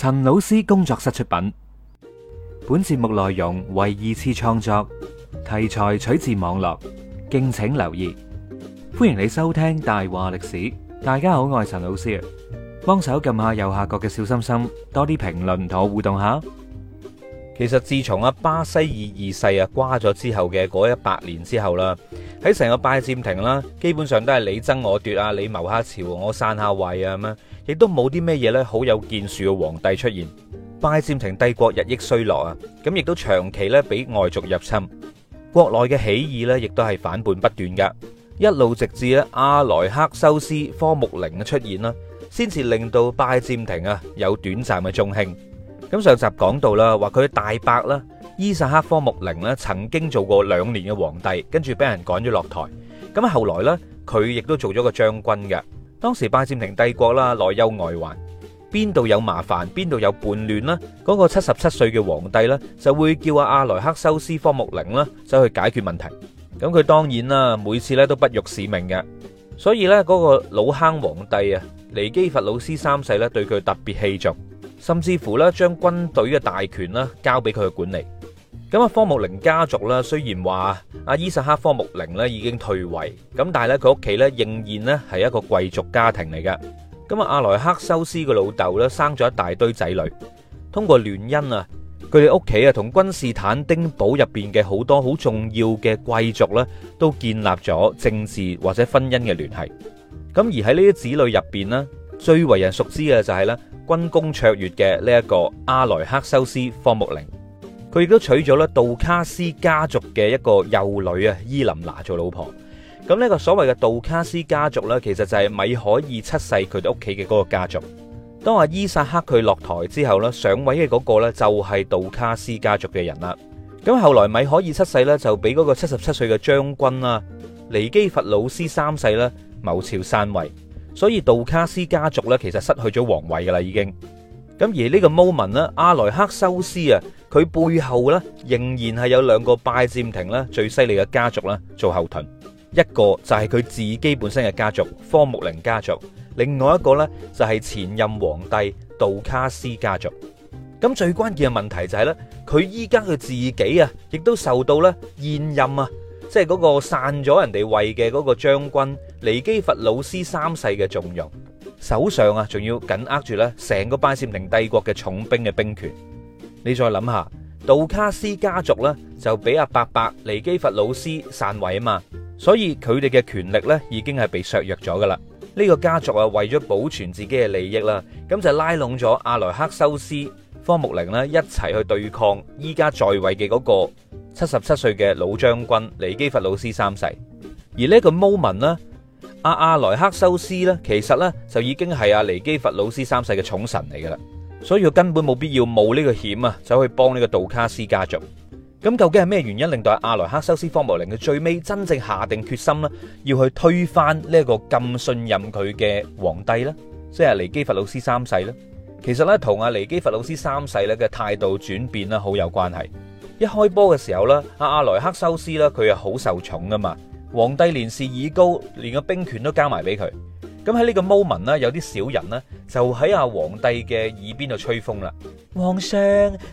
陳老師工作室出品，本節目內容為二次創作，題材取自網絡，敬請留意。歡迎你收聽大話歷史，大家好，我係陳老師啊，幫手撳下右下角嘅小心心，多啲評論同我互動下。其實自從阿巴西爾二世啊瓜咗之後嘅嗰一百年之後啦，喺成個拜占庭啦，基本上都係你爭我奪啊，你謀下朝，我散下位啊，咁亦都冇啲咩嘢咧好有建樹嘅皇帝出現。拜占庭帝國日益衰落啊，咁亦都長期咧俾外族入侵，國內嘅起義呢，亦都係反叛不斷噶，一路直至咧阿萊克修斯科木寧嘅出現啦，先至令到拜占庭啊有短暫嘅中興。咁上集講到啦，話佢大伯啦，伊薩克科木寧咧，曾經做過兩年嘅皇帝，跟住俾人趕咗落台。咁後來咧，佢亦都做咗個將軍嘅。當時拜占庭帝國啦，內憂外患，邊度有麻煩，邊度有叛亂啦，嗰個七十七歲嘅皇帝啦，就會叫阿阿萊克修斯科木寧啦，走去解決問題。咁佢當然啦，每次咧都不辱使命嘅。所以咧，嗰個老坑皇帝啊，尼基弗魯斯三世咧，對佢特別器重。甚至乎咧，將軍隊嘅大權啦，交俾佢去管理。咁啊，科木寧家族咧，雖然話阿伊薩克科木寧咧已經退位，咁但係咧佢屋企咧仍然咧係一個貴族家庭嚟㗎。咁啊，阿萊克修斯嘅老豆咧生咗一大堆仔女，通過聯姻啊，佢哋屋企啊同君士坦丁堡入邊嘅好多好重要嘅貴族咧，都建立咗政治或者婚姻嘅聯繫。咁而喺呢啲子女入邊咧，最為人熟知嘅就係咧。軍功卓越嘅呢一個阿萊克修斯科木寧，佢亦都娶咗咧杜卡斯家族嘅一個幼女啊伊琳娜，做老婆。咁呢個所謂嘅杜卡斯家族呢，其實就係米海爾七世佢哋屋企嘅嗰個家族。當阿伊薩克佢落台之後咧，上位嘅嗰個呢，就係杜卡斯家族嘅人啦。咁後來米海爾七世呢，就俾嗰個七十七歲嘅將軍啦尼基弗魯斯三世咧謀朝篡位。所以杜卡斯家族咧，其實失去咗皇位噶啦，已經。咁而呢個 moment 咧，阿萊克修斯啊，佢背後咧仍然係有兩個拜占庭咧最犀利嘅家族咧做後盾，一個就係佢自己本身嘅家族科木寧家族，另外一個咧就係前任皇帝杜卡斯家族。咁最關鍵嘅問題就係咧，佢依家佢自己啊，亦都受到咧現任啊，即係嗰個散咗人哋位嘅嗰個將軍。尼基弗魯斯三世嘅重用，手上啊仲要緊握住咧成個拜占庭帝國嘅重兵嘅兵權。你再諗下，杜卡斯家族咧就俾阿伯伯尼基弗魯斯篡位啊嘛，所以佢哋嘅權力咧已經係被削弱咗噶啦。呢、這個家族啊為咗保存自己嘅利益啦，咁就拉攏咗阿萊克修斯科木寧呢一齊去對抗依家在，在位嘅嗰個七十七歲嘅老將軍尼基弗魯斯三世。而呢個穆民呢。阿阿萊克修斯咧，其實咧就已經係阿尼基弗魯斯三世嘅寵臣嚟噶啦，所以佢根本冇必要冒呢個險啊，走去幫呢個杜卡斯家族。咁究竟係咩原因令到阿阿萊克修斯科木寧嘅最尾真正下定決心呢，要去推翻呢一個咁信任佢嘅皇帝呢？即係尼基弗魯斯三世呢？其實咧同阿尼基弗魯斯三世咧嘅態度轉變咧好有關係。一開波嘅時候咧，阿阿萊克修斯咧佢係好受寵噶嘛。皇帝年事已高，連個兵權都交埋俾佢。咁喺呢個 moment，呢有啲小人呢就喺阿皇帝嘅耳邊度吹風啦。皇上，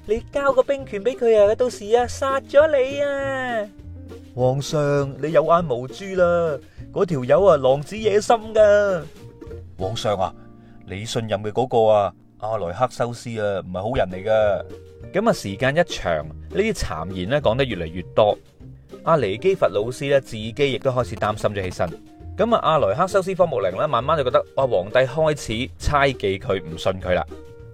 你交個兵權俾佢啊，到時啊殺咗你啊！皇上，你有眼無珠啦，嗰條友啊，狼子野心噶。皇上啊，你信任嘅嗰個啊，阿萊克修斯啊，唔係好人嚟噶。咁啊，時間一長，呢啲讒言呢講得越嚟越多。阿尼基佛老師咧，自己亦都開始擔心咗起身。咁啊，阿萊克修斯科木寧咧，慢慢就覺得話皇帝開始猜忌佢，唔信佢啦。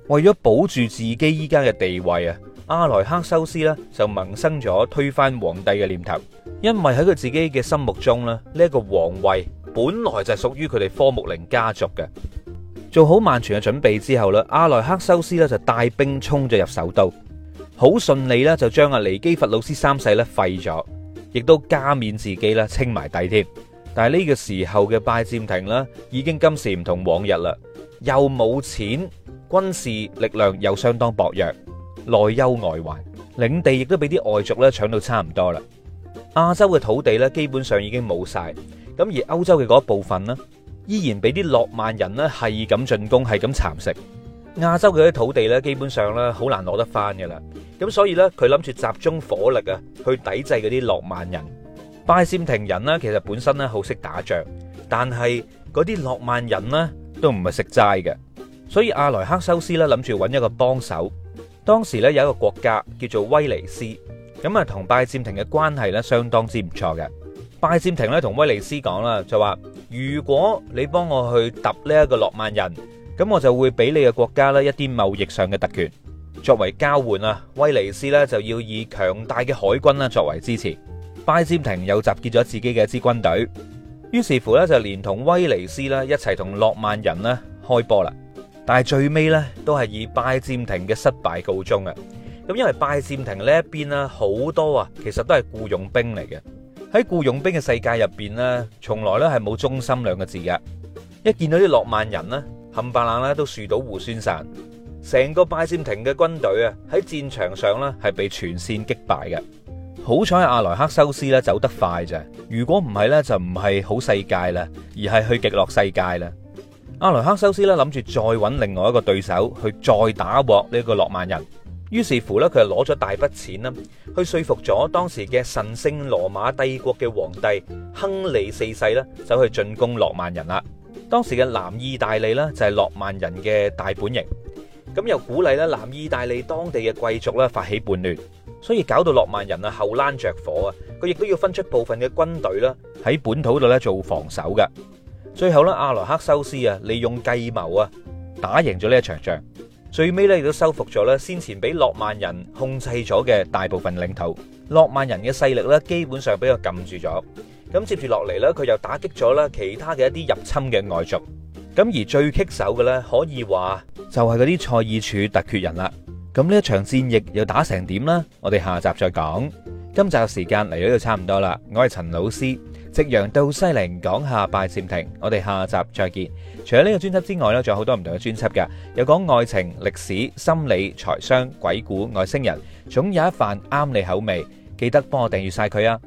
為咗保住自己依家嘅地位啊，阿萊克修斯咧就萌生咗推翻皇帝嘅念頭，因為喺佢自己嘅心目中咧，呢、呢、一個皇位本來就係屬於佢哋科木寧家族嘅。做好萬全嘅準備之後咧，阿萊克修斯呢就帶兵衝咗入首都，好順利咧就將阿尼基佛老師三世咧廢咗。亦都加冕自己啦，清埋底添。但係呢個時候嘅拜占庭啦，已經今時唔同往日啦，又冇錢，軍事力量又相當薄弱，內憂外患，領地亦都俾啲外族咧搶到差唔多啦。亞洲嘅土地咧，基本上已經冇晒。咁而歐洲嘅嗰部分呢，依然俾啲諾曼人咧係咁進攻，係咁蠶食。亞洲嘅土地咧，基本上咧好難攞得翻嘅啦。咁所以呢，佢諗住集中火力啊，去抵制嗰啲諾曼人。拜占庭人呢，其實本身咧好識打仗，但係嗰啲諾曼人呢都唔係食齋嘅。所以阿萊克修斯呢，諗住揾一個幫手。當時呢，有一個國家叫做威尼斯，咁啊同拜占庭嘅關係呢相當之唔錯嘅。拜占庭咧同威尼斯講啦，就話如果你幫我去揼呢一個諾曼人。咁我就會俾你嘅國家咧一啲貿易上嘅特權，作為交換啊，威尼斯咧就要以強大嘅海軍咧作為支持。拜占庭又集結咗自己嘅一支軍隊，於是乎咧就連同威尼斯咧一齊同諾曼人咧開波啦。但係最尾咧都係以拜占庭嘅失敗告終啊！咁因為拜占庭呢一邊咧好多啊，其實都係僱傭兵嚟嘅。喺僱傭兵嘅世界入邊咧，從來咧係冇忠心兩個字嘅。一見到啲諾曼人咧，冚唪唥咧都樹倒猢猻散，成個拜占庭嘅軍隊啊喺戰場上咧係被全線擊敗嘅。好彩阿萊克修斯咧走得快咋，如果唔係咧就唔係好世界啦，而係去極樂世界啦。阿萊克修斯咧諗住再揾另外一個對手去再打獲呢個諾曼人，於是乎咧佢就攞咗大筆錢啦，去說服咗當時嘅神聖羅馬帝國嘅皇帝亨利四世啦，走去進攻諾曼人啦。當時嘅南意大利咧就係諾曼人嘅大本營，咁又鼓勵咧南意大利當地嘅貴族咧發起叛亂，所以搞到諾曼人啊後欄著火啊，佢亦都要分出部分嘅軍隊啦喺本土度咧做防守嘅。最後咧，阿萊克修斯啊利用計謀啊打贏咗呢一場仗，最尾咧亦都收復咗咧先前俾諾曼人控制咗嘅大部分領土，諾曼人嘅勢力咧基本上俾佢撳住咗。咁接住落嚟呢，佢又打擊咗啦其他嘅一啲入侵嘅外族。咁而最棘手嘅呢，可以話就係嗰啲塞爾柱突厥人啦。咁呢一場戰役又打成點呢？我哋下集再講。今集嘅時間嚟到就差唔多啦。我係陳老師，夕陽到西陵，講下拜占庭。我哋下集再見。除咗呢個專輯之外呢，仲有好多唔同嘅專輯嘅，有講愛情、歷史、心理、財商、鬼故、外星人，總有一份啱你口味。記得幫我訂閲晒佢啊！